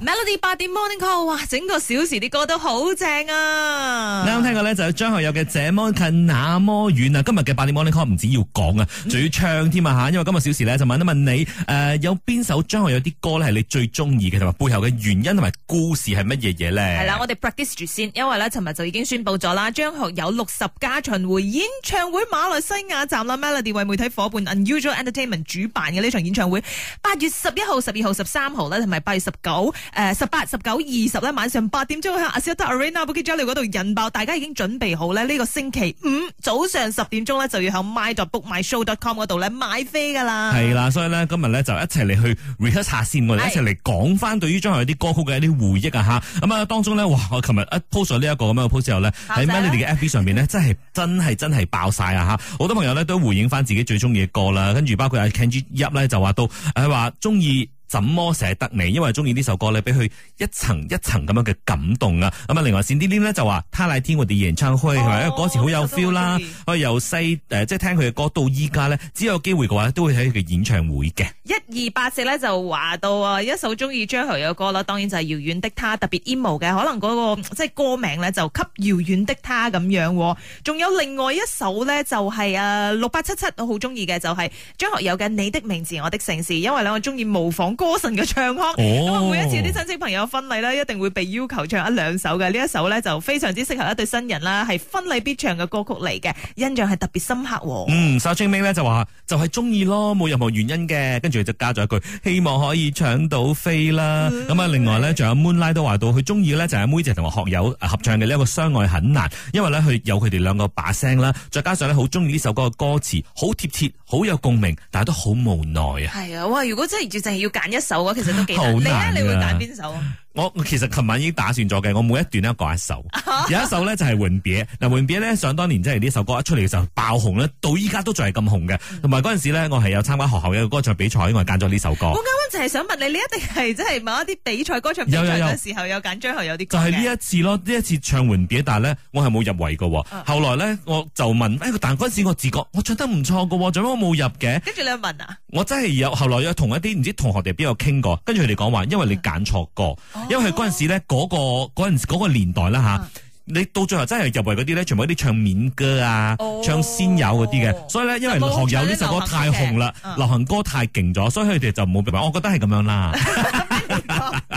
Melody 八點 Morning Call，哇，整個小時啲歌都好正啊！你有聽過呢？就有張學友嘅《這麼近那麼遠》啊！今日嘅八點 Morning Call 唔止要講啊，仲、嗯、要唱添啊吓！因為今日小時呢，就問一問你，誒、呃，有邊首張學友啲歌呢？係你最中意嘅，同埋背後嘅原因同埋故事係乜嘢嘢呢？係啦，我哋 practice 住先，因為呢，尋日就已經宣布咗啦，張學友六十加巡回演唱會馬來西亞站啦，Melody 為媒體伙伴 Unusual Entertainment 主辦嘅呢場演唱會，八月十一號、十二號、十三號呢，同埋八月十九。誒十八、十九、二十咧，晚上八點鐘喺 Axiata Arena Bukit Jalil 嗰度引爆，大家已經準備好咧。呢、這個星期五早上十點鐘咧，就要喺 My Book My Show dot com 嗰度咧買飛噶啦。係啦，所以咧今日咧就一齊嚟去 rehearse 下先，我哋一齊嚟講翻對於將來啲歌曲嘅一啲回憶啊吓，咁啊，當中咧哇，我琴日一 po 咗呢一個咁樣嘅 post 之後咧，喺 Melody 嘅 App 上面咧，真係真係真係爆晒啊吓，好多朋友咧都回應翻自己最中意嘅歌啦，跟住包括阿 Kenny Yap 咧就話到誒話中意。怎麼捨得你？因為中意呢首歌咧，俾佢一層一層咁樣嘅感動啊！咁啊，另外善啲啲就，哦就哦 feel，就是嗯、話，會他那天我哋演唱會係咪？嗰時好有 feel 啦！我由細誒，即係聽佢嘅歌到依家呢，只有機會嘅話都會睇佢嘅演唱會嘅。一二八四咧就話到啊，一首中意張學友嘅歌啦，當然就係遙遠的他，特別 emo 嘅，可能嗰、那個即係歌名呢，就吸遙遠的他咁樣。仲有另外一首呢、就是，就係誒六八七七都好中意嘅，就係、是、張學友嘅你的名字我的城市，因為咧我中意模仿。歌神嘅唱腔，咁、哦、啊每一次啲親戚朋友婚禮咧，一定會被要求唱一兩首嘅。呢一首咧就非常之適合一對新人啦，係婚禮必唱嘅歌曲嚟嘅，印象係特別深刻、哦。嗯，首青明咧就話就係中意咯，冇任何原因嘅。跟住就加咗一句希望可以唱到飛啦。咁、嗯、啊，另外咧仲有 moon 拉都話到佢中意咧就係阿妹姐同埋學友合唱嘅呢一個相愛很難，因為咧佢有佢哋兩個把聲啦，再加上咧好中意呢首歌嘅歌詞好貼切，好有共鳴，但係都好無奈啊。係啊，哇！如果真係要要一首嘅其實都幾難，難啊、你咧你會揀邊首啊？我其實琴晚已經打算咗嘅，我每一段都講一首、哦，有一首呢就係、是《吻別》。嗱，《吻別》咧，想當年即係呢首歌一出嚟嘅時候爆紅咧，到依家都仲係咁紅嘅。同埋嗰陣時咧，我係有參加學校嘅歌唱比賽，因為我揀咗呢首歌。我啱啱就係想問你，你一定係即係某一啲比賽歌唱比賽嘅時候有揀，有有最後有啲歌就係、是、呢一次咯。呢一次唱《吻別》，但係呢，我係冇入圍嘅。後來呢，我就問，誒、哎，但嗰陣時候我自覺我唱得唔錯嘅，做咩我冇入嘅？跟住你問啊？我真係有後來有同一啲唔知道同學哋邊度傾過，跟住佢哋講話，因為你揀錯歌。嗯哦因為嗰陣時咧，嗰個嗰陣嗰個年代啦、哦、你到最後真係入圍嗰啲咧，全部啲唱面歌啊、哦，唱先友嗰啲嘅，所以咧，因為學友呢首歌太紅啦、嗯，流行歌太勁咗，所以佢哋就冇明白，我覺得係咁樣啦。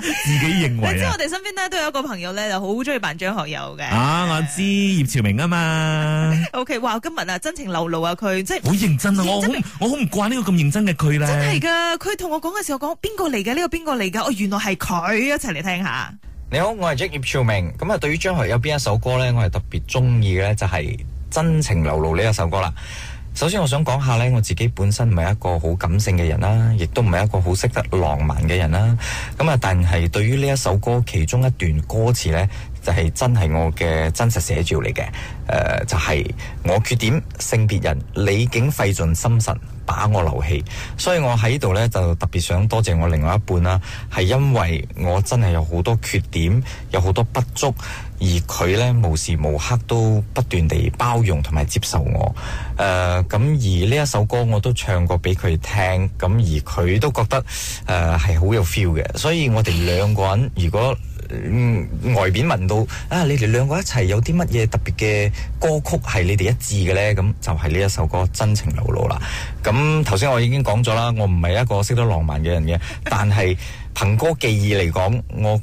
自己認為 我知我哋身邊咧，都有一個朋友咧，就好中意扮張學友嘅啊。我知葉 朝明啊嘛。OK，哇，今日啊，真情流露啊，佢即係好認真啊。我我好唔慣呢個咁認真嘅佢咧。真係噶，佢同我講嘅時候，講邊個嚟嘅呢個邊個嚟噶？哦，原來係佢一齊嚟聽下。你好，我係 Jake 葉朝明。咁啊，對於張學友邊一首歌咧，我係特別中意嘅咧，就係《真情流露》呢一首歌啦。首先我想講下咧，我自己本身唔係一個好感性嘅人啦，亦都唔係一個好識得浪漫嘅人啦。咁啊，但係對於呢一首歌其中一段歌詞呢，就係、是、真係我嘅真實寫照嚟嘅。就係，誒，我缺點性別人，你竟費盡心神把我留棄，所以我喺度呢，就特別想多謝我另外一半啦。係因為我真係有好多缺點，有好多不足。而佢呢，無時無刻都不斷地包容同埋接受我，誒、呃、咁而呢一首歌我都唱過俾佢聽，咁而佢都覺得誒係好有 feel 嘅，所以我哋兩個人如果、呃、外邊問到啊，你哋兩個一齊有啲乜嘢特別嘅歌曲係你哋一致嘅呢，咁就係呢一首歌《真情流露》啦。咁頭先我已經講咗啦，我唔係一個識得浪漫嘅人嘅， 但係憑歌記憶嚟講，我。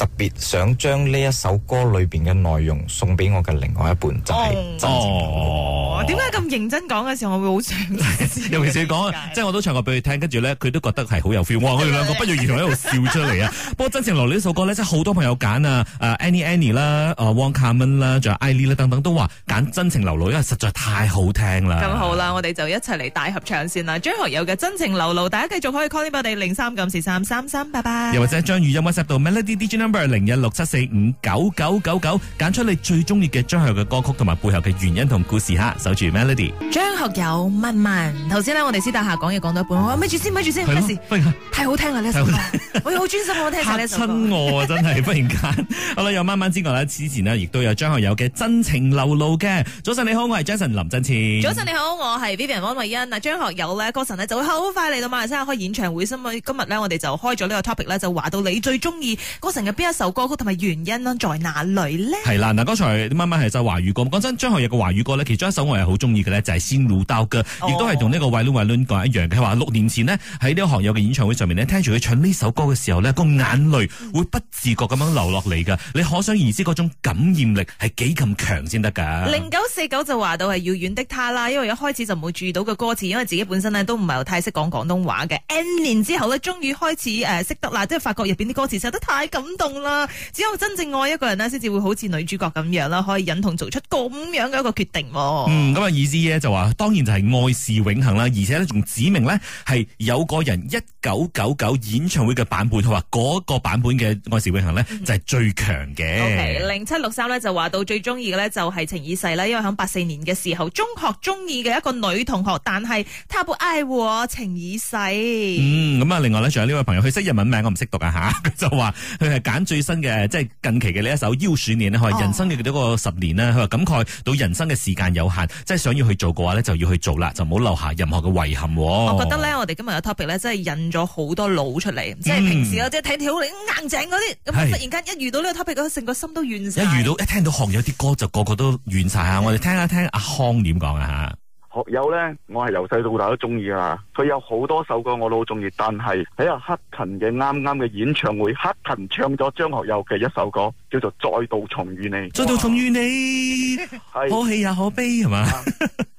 特別想將呢一首歌裏面嘅內容送畀我嘅另外一半，就係、是、真情點解咁認真講嘅時候，我會好唱？ 尤其是講，即係我都唱過俾佢聽，跟住咧，佢都覺得係好有 feel。哇我哋兩個不約而同喺度笑出嚟啊！ 不過《真情流露》呢首歌咧，真係好多朋友揀、呃、啊！誒，Annie Annie 啦，誒，Wong Ka Man 啦，仲有 Ily 啦，等等都話揀《真情流露》，因為實在太好聽啦。咁好啦，我哋就一齊嚟大合唱先啦！張學友嘅《真情流露》，大家繼續可以 call in 俾我哋零三九四三三三，拜拜。又或者將語音 WhatsApp 到 Melody DJ Number 零一六七四五九九九九，揀出你最中意嘅張學友嘅歌曲同埋背後嘅原因同故事嚇。留住 Melody，張學友慢慢。頭先我哋私底下講嘢講到一半，我咪住先，咪住先，冇咩事不。太好聽啦呢首歌，好我好專心， 我聽下呢首歌。親我真係忽然間 好啦，又慢慢知道呢，此前呢，亦都有張學友嘅真情流露嘅。早晨你好，我係 Jason 林振前。早晨你好，我係 Vivian 汪慧欣。嗱，張學友呢，歌神呢就會好快嚟到馬來西亞開演唱會心。所以今日呢，我哋就開咗呢個 topic 呢，就話到你最中意歌神嘅邊一首歌曲同埋原因啦，在哪裏呢？係啦，嗱、那個，剛才慢慢係就華語歌。講真，張學友嘅華語歌其中一首我。好中意嘅咧，就係仙路刀嘅，亦都係同呢個慧倫慧倫講一樣嘅。佢話六年前呢，喺呢個學友嘅演唱會上面呢，聽住佢唱呢首歌嘅時候呢，個眼淚會不自覺咁樣流落嚟噶。你可想而知嗰種感染力係幾咁強先得噶。零九四九就話到係「遙遠的她」啦，因為一開始就冇注意到個歌詞，因為自己本身呢都唔係太識講廣東話嘅。n 年之後呢，終於開始誒識得啦，即係發覺入邊啲歌詞實得太感動啦。只有真正愛一個人呢，先至會好似女主角咁樣啦，可以忍痛做出咁樣嘅一個決定。嗯。咁、這、嘅、個、意思咧就話，當然就係愛是永恆啦，而且呢，仲指明呢係有個人一九九九演唱會嘅版本，佢話嗰個版本嘅愛是永恆呢就係最強嘅。零七六三呢就話到最中意嘅呢就係情已逝啦，因為喺八四年嘅時候中學中意嘅一個女同學，但係他不哀情已逝。嗯，咁啊，另外呢，仲有呢位朋友，佢識日文名我唔識讀啊吓，佢就話佢係揀最新嘅，即係近期嘅呢一首邀選年呢，佢話人生嘅幾多個十年啦，佢、哦、話感慨到人生嘅時間有限。即係想要去做嘅話咧，就要去做啦，就唔好留下任何嘅遺憾，哦。我覺得咧，我哋今日嘅 topic 咧，真係引咗好多腦出嚟。即係平時啊，即係睇條你硬淨嗰啲，咁突然間一遇到呢個 topic，個成個心都軟晒。一遇到一聽到學友啲歌，就個個都軟晒吓。我哋聽一聽阿康點講啊吓。學友咧，我係由細到大都中意噶啦。佢有好多首歌我都好中意，但係喺阿克勤嘅啱啱嘅演唱會，克勤唱咗張學友嘅一首歌，叫做《再度重遇你》。再度重遇你， 可喜也可悲，係嘛，啊？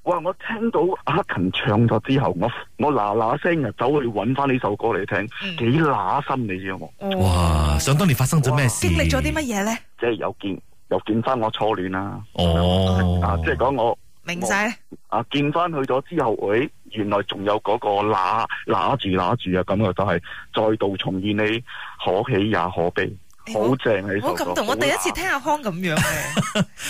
哇！我聽到阿克勤唱咗之後，我我嗱嗱聲啊，走去搵翻呢首歌嚟聽，幾乸心你知道冇？哇！想當年發生咗咩事？經歷咗啲乜嘢咧？即係又見又見翻我初戀啦。哦，啊，即係講我。明晒，啊見翻去咗之後，誒，原來仲有嗰個攔攔住攔住啊，感覺就係再度重現你可喜也可悲，好正喺度。我咁同我第一次聽阿康咁樣，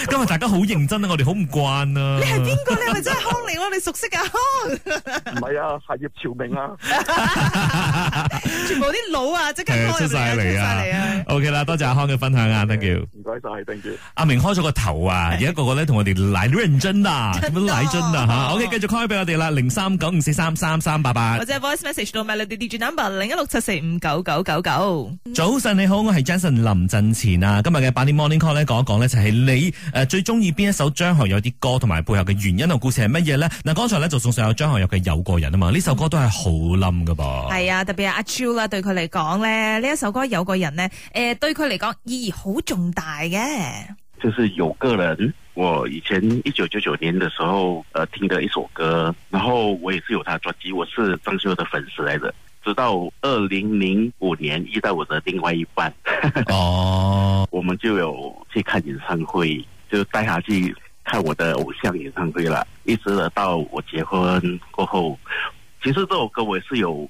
今日大家好認真啊，我哋好唔慣啊。你係邊個咧？你係咪真係康嚟咯，我哋熟悉阿康。唔係啊，係葉朝明啊。全部啲腦啊，即刻出晒嚟啊！O K 啦，多謝阿康嘅分享啊，thank you。唔該晒，thank you。阿明開咗個頭啊，而家個個咧同我哋奶樽樽啊，咁多奶樽啊吓。O K，繼續 call 俾我哋啦，零三九五四三三三八八，或者 voice message 到埋你哋 digits number 零一六七四五九九九九。早晨你好，我係 Jensen 林振前啊。今日嘅八點 morning call 咧，講一講咧就係你誒最中意邊一首張學友啲歌，同埋背後嘅原因同故事係乜嘢咧？嗱，剛才咧就送上有張學友嘅有個人啊嘛，呢首歌都係好冧噶噃。係啊，特別係阿 Jules。對佢嚟講呢，呢一首歌有個人呢，誒、呃，對佢嚟講意義好重大嘅。就是有個人，我以前一九九九年的時候，呃，聽的一首歌，然後我也是有他專輯，我是張學友的粉絲來着。直到二零零五年遇到我的另外一半，哦、oh. 我們就有去看演唱會，就帶他去看我的偶像演唱會了，一直到我結婚過後，其實這首歌我也是有。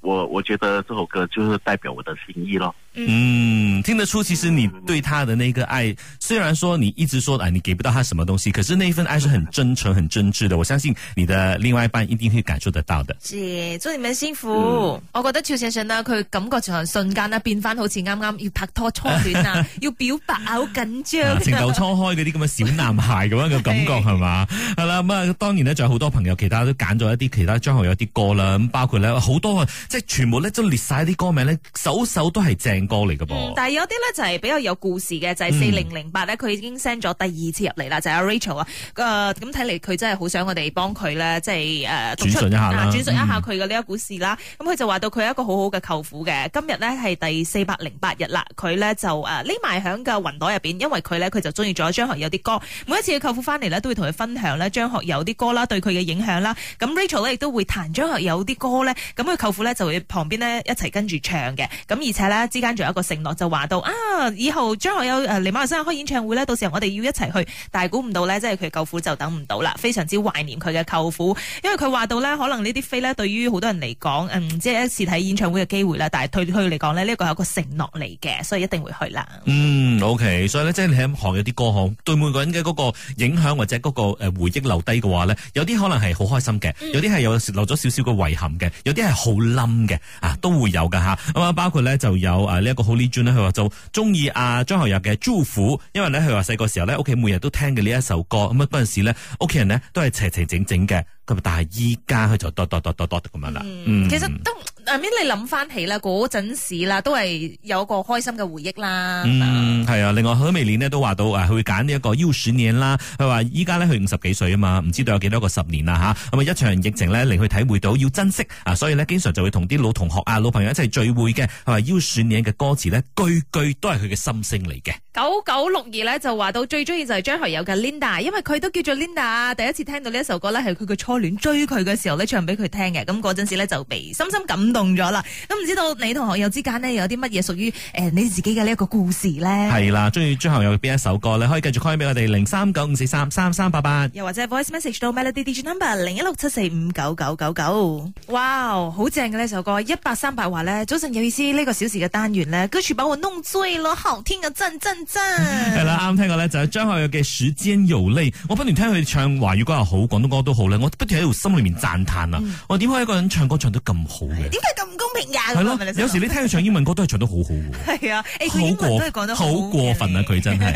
我我覺得這首歌就是代表我的心意咯。嗯，聽得出其實你對他的那個愛，嗯、雖然說你一直說啊、哎，你給不到他什麼東西，可是那一份愛是很真誠、嗯、很真摯的。我相信你的另外一半一定會感受得到的。是，祝你們幸福。嗯、我覺得邱先生呢，佢感覺從瞬間呢變翻好似啱啱要拍拖初戀啊， 要表白啊，好緊張，啊、情竇初開嗰啲咁嘅小男孩咁樣嘅感覺係嘛？係 啦，咁啊、嗯，當然呢，仲有好多朋友，其他都揀咗一啲其他張學友啲歌啦，咁包括咧好。多即係全部咧都列晒啲歌名咧，首首都係正歌嚟噶噃。但係有啲咧就係、是、比較有故事嘅，就係四零零八咧，佢已經 send 咗第二次入嚟啦。就阿、是、Rachel 啊、呃，咁睇嚟佢真係好想我哋幫佢咧，即係誒，轉、呃、述一下轉述一下佢嘅呢一股事啦。咁、嗯、佢就話到佢一個好好嘅舅父嘅，今呢日咧係第四百零八日啦。佢咧就誒匿埋喺個雲朵入邊，因為佢咧佢就中意咗張學友啲歌。每一次舅父翻嚟咧，都會同佢分享咧張學友啲歌啦，對佢嘅影響啦。咁 Rachel 呢，亦都會彈張學友啲歌咧，咁。佢舅父咧就會旁邊咧一齊跟住唱嘅，咁而且呢，之間仲有一個承諾，就話到啊，以後將來有誒嚟馬來西亞開演唱會呢。到時候我哋要一齊去。但係估唔到呢，即係佢舅父就等唔到啦，非常之懷念佢嘅舅父。因為佢話到呢，可能呢啲飛呢對於好多人嚟講，嗯，即係一次睇演唱會嘅機會啦。但係對佢嚟講呢，呢個係一個承諾嚟嘅，所以一定會去啦。嗯，OK，所以咧即係你喺學友啲歌好，對每個人嘅嗰個影響或者嗰個回憶留低嘅話呢，有啲可能係好開心嘅，有啲係有留咗少少嘅遺憾嘅，有啲係。好冧嘅啊，都會有噶吓。咁啊，包括咧就有啊呢一個好 Legend 咧，佢話就中意阿張學友嘅《祝福》，因為咧佢話細個時候咧屋企每日都聽嘅呢一首歌，咁啊嗰陣時咧屋企人咧都係齊齊整整嘅。咁但係依家佢就多多多多多咁樣啦、嗯。其實都你諗翻起啦，嗰陣時啦，都係有一個開心嘅回憶啦。係、嗯、啊。另外佢美年呢都話到誒，佢揀呢一個邀選嘢啦。佢話依家呢，佢、這個、五十幾歲啊嘛，唔知道有幾多個十年啦吓。咁啊一場疫情呢，令佢體會到要珍惜啊，所以呢，經常就會同啲老同學啊、老朋友一齊聚會嘅。係咪邀選嘢嘅歌詞呢，句句都係佢嘅心聲嚟嘅。九九六二呢，就話到最中意就係張學友嘅 Linda，因為佢都叫做 Linda。第一次聽到呢一首歌呢，係佢嘅初初戀追佢嘅時候咧，唱俾佢聽嘅，咁嗰陣時咧就被深深感動咗啦。咁唔知道你同學友之間咧有啲乜嘢屬於誒你自己嘅呢一個故事咧？係啦，中意張學友邊一首歌咧？可以繼續開 a 俾我哋零三九五四三三三八八，又或者 voice message 到 m e l o d y number 零一六七四五九九九九。哇，好正嘅呢首歌，一百三百話咧，早晨有意思呢個小時嘅單元咧，居住把我弄醉咯，後天嘅真真真。係 啦，啱聽過咧就係張學友嘅《時間游離》，我不斷聽佢唱華語歌又好，廣東歌都好咧，我。喺度心裏面讚嘆啊，我點解一個人唱歌唱得咁好嘅？點解咁公平噶？係咯，有時你聽佢唱英文歌都係唱得好好係啊, 啊、欸，好過分，好,好過分啊！佢真係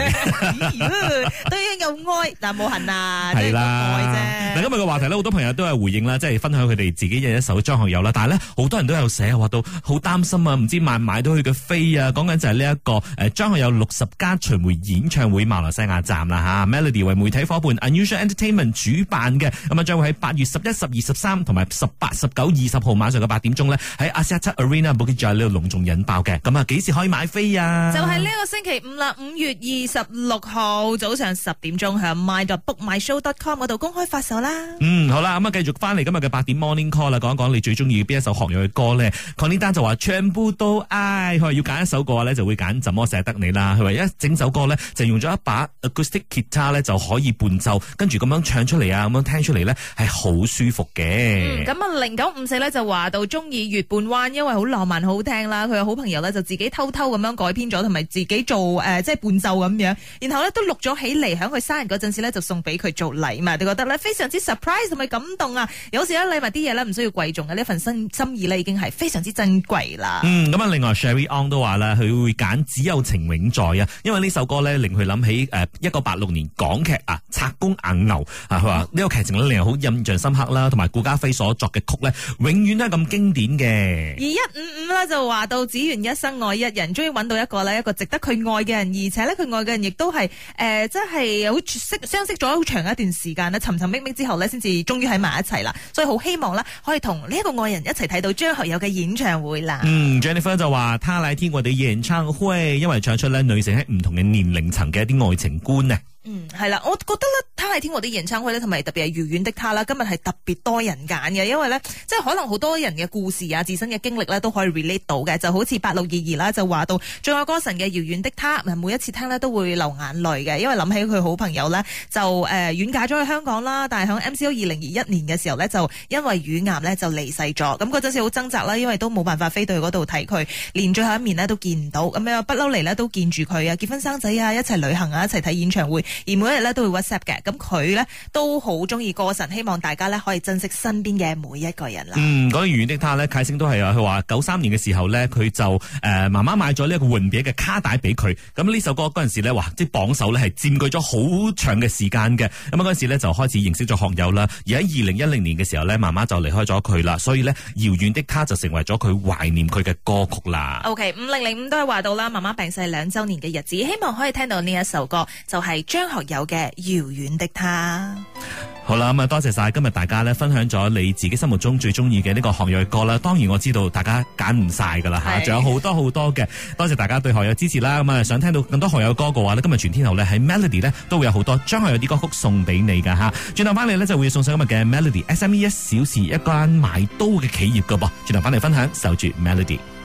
都已經有愛 但冇恨啊！係啦，嗱，今日嘅話題好多朋友都有回應啦，即係分享佢哋自己嘅一首張學友啦。但係好多人都有寫話到好擔心啊，唔知買唔買到佢嘅飛啊！講緊就係呢一個誒，張學友六十加巡迴演唱會馬來西亞站啦吓、啊、，Melody 為媒體伙伴 Unusual Entertainment 主辦嘅咁啊，將會喺。八月十一、十二、十三同埋十八、十九、二十號晚上嘅八點鐘咧，喺 Axiata ArenaBukit Jalil 喺呢度隆重引爆嘅。咁啊，幾時可以買飛啊？就係呢個星期五啦，五月二十六號早上十點鐘喺 my.bookmyshow.com 嗰度公開發售啦。嗯，好啦，咁啊繼續翻嚟今日嘅八點 Morning Call 啦，講一講你最中意邊一首學友嘅歌咧？Conndan 就話全部都愛，佢話要揀一首歌咧，就會揀怎麼捨得你啦。佢話一整首歌咧，就用咗一把 acoustic guitar 咧就可以伴奏，跟住咁樣唱出嚟啊，咁樣聽出嚟咧係。好舒服嘅，咁、嗯、啊，零九五四咧就話到中意月半彎，因為好浪漫、好聽啦。佢好朋友咧就自己偷偷咁樣改編咗，同埋自己做誒、呃，即係伴奏咁樣。然後咧都錄咗起嚟，喺佢生日嗰陣時咧就送俾佢做禮嘛。都覺得咧非常之 surprise 同埋感動啊！有時咧禮物啲嘢咧唔需要貴重嘅，呢份心心意咧已經係非常之珍貴啦。嗯，咁啊，另外 Sherry On 都話咧，佢會揀隻有情永在啊，因為呢首歌咧令佢諗起誒，一九八六年港劇啊，拆工硬牛、嗯、啊，佢話呢個劇情令人好印象深刻啦，同埋顧嘉煇所作嘅曲咧，永遠都係咁經典嘅。而一五五咧就話到，只願一生愛一人，終於揾到一個咧一個值得佢愛嘅人，而且咧佢愛嘅人亦都係誒，即係好識相識咗好長一段時間咧，尋尋覓覓之後呢，先至終於喺埋一齊啦。所以好希望呢，可以同呢一個愛人一齊睇到張學友嘅演唱會啦。嗯，Jennifer 就話她來聽我哋演唱會，因為唱出咧女性喺唔同嘅年齡層嘅一啲愛情觀啊。嗯，係啦，我覺得咧，他喺天和的演唱會咧，同埋特別係遙遠的她啦，今日係特別多人揀嘅，因為咧，即係可能好多人嘅故事啊，自身嘅經歷咧，都可以 relate 到嘅，就好似八六二二啦，就話到最愛歌神嘅遙遠的她，每一次聽咧都會流眼淚嘅，因為諗起佢好朋友咧就誒遠嫁咗去香港啦，但係響 MCO 二零二一年嘅時候咧就因為乳癌咧就離世咗，咁嗰陣時好掙扎啦，因為都冇辦法飛到去嗰度睇佢，連最後一面咧都見唔到，咁樣不嬲嚟咧都見住佢啊，結婚生仔啊，一齊旅行啊，一齊睇演唱會。而每一日咧都會 WhatsApp 嘅，咁佢咧都好中意歌神，希望大家咧可以珍惜身邊嘅每一個人啦。嗯，講《遙遠的她》咧，楷星都係話九三年嘅時候咧，佢就誒媽媽買咗呢一個換別嘅卡帶俾佢，咁呢首歌嗰陣時咧，哇，即係榜首咧係佔據咗好長嘅時間嘅，咁啊嗰陣時咧就開始認識咗學友啦。而喺二零一零年嘅時候咧，媽媽就離開咗佢啦，所以咧《遙遠的她》就成為咗佢懷念佢嘅歌曲啦。O K，五零零五都係話到啦，媽媽病逝兩週年嘅日子，希望可以聽到呢一首歌，就係將，學友嘅遙遠的他，好啦咁啊，多謝晒今日大家咧分享咗你自己心目中最中意嘅呢個學友嘅歌啦。當然我知道大家揀唔晒噶啦吓，仲有好多好多嘅。多謝大家對學友支持啦。咁啊，想聽到更多學友歌嘅話呢，今日全天候咧喺 Melody 咧都會有好多張學友啲歌曲送俾你噶吓。轉頭翻嚟咧就會送上今日嘅 Melody SME 一小時一間買刀嘅企業噶噃。轉頭翻嚟分享守住 Melody。